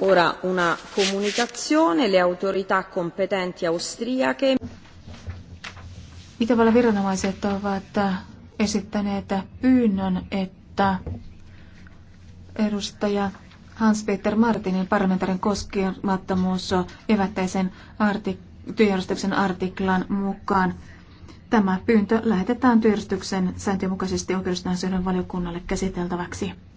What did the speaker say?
Ora una comunicazione, le autorità competenti austriache. Itävallan viranomaiset ovat äh, esittäneet pyynnön, että edustaja Hans-Peter Martinin parlamentaarinen koskemattomuus evättäisen artik- työjärjestyksen artiklan mukaan. Tämä pyyntö lähetetään työjärjestyksen sääntöjen mukaisesti oikeudellisten valiokunnalle käsiteltäväksi.